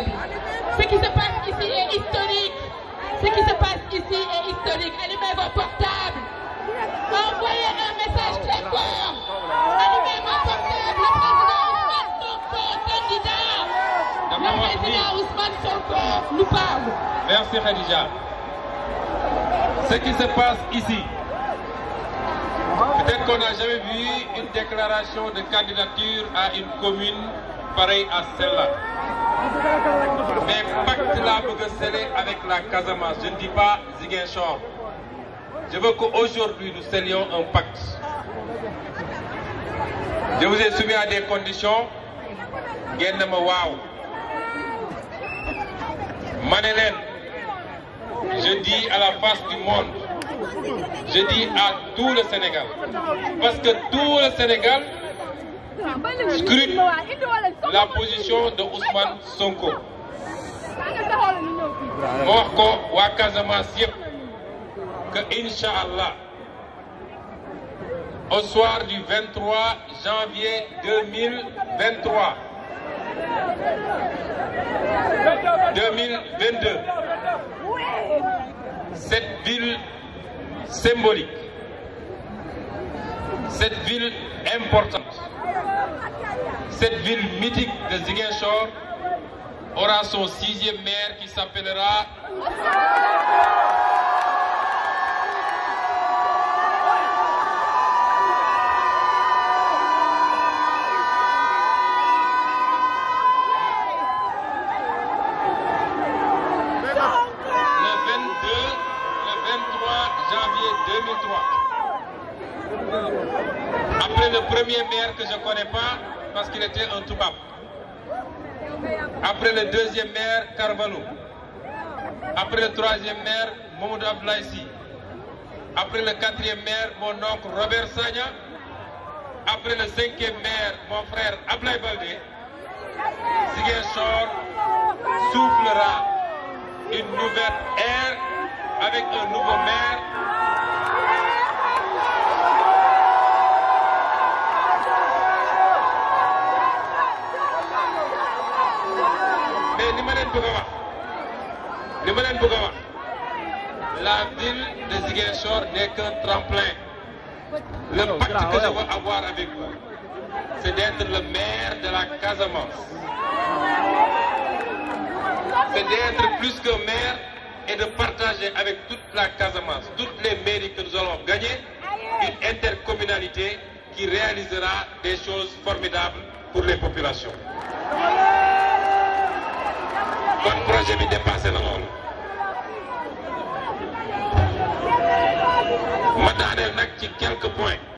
Ce qui se passe ici est historique. Ce qui se passe ici est historique. Allumez vos portables. Envoyez un message très fort. Allumez vos portables. Le président Ousmane Sonko, candidat. Le président Ousmane Sonko nous parle. Merci Khadija. Ce qui se passe ici, peut-être qu'on n'a jamais vu une déclaration de candidature à une commune pareille à celle-là. Mais pacte là pour sceller avec la Casamance. Je ne dis pas Ziguinchor. Je veux qu'aujourd'hui nous scellions un pacte. Je vous ai soumis à des conditions. Guénema je dis à la face du monde, je dis à tout le Sénégal, parce que tout le Sénégal scrute la position de Ousmane Sonko que Inch'Allah au soir du 23 janvier 2023 2022 cette ville symbolique cette ville importante cette ville mythique de Ziguinchor aura son sixième maire qui s'appellera... Le 22, le 23 janvier 2003. Après le premier maire que je ne connais pas parce qu'il était un Toubap. Après le deuxième maire, Carvalho. Après le troisième maire, Mamoud Ablaïsi. Après le quatrième maire, mon oncle Robert Sagna. Après le cinquième maire, mon frère Ablaï Baldé. Chor soufflera une nouvelle ère avec un nouveau maire la ville de Ziguinchor n'est qu'un tremplin. Le oh, pacte que je veux avoir avec vous, c'est d'être le maire de la Casamance. C'est d'être plus que maire et de partager avec toute la Casamance, toutes les mairies que nous allons gagner, une intercommunalité qui réalisera des choses formidables pour les populations. man projet bi dépassé na loolu ma daaneel nag ci quelques points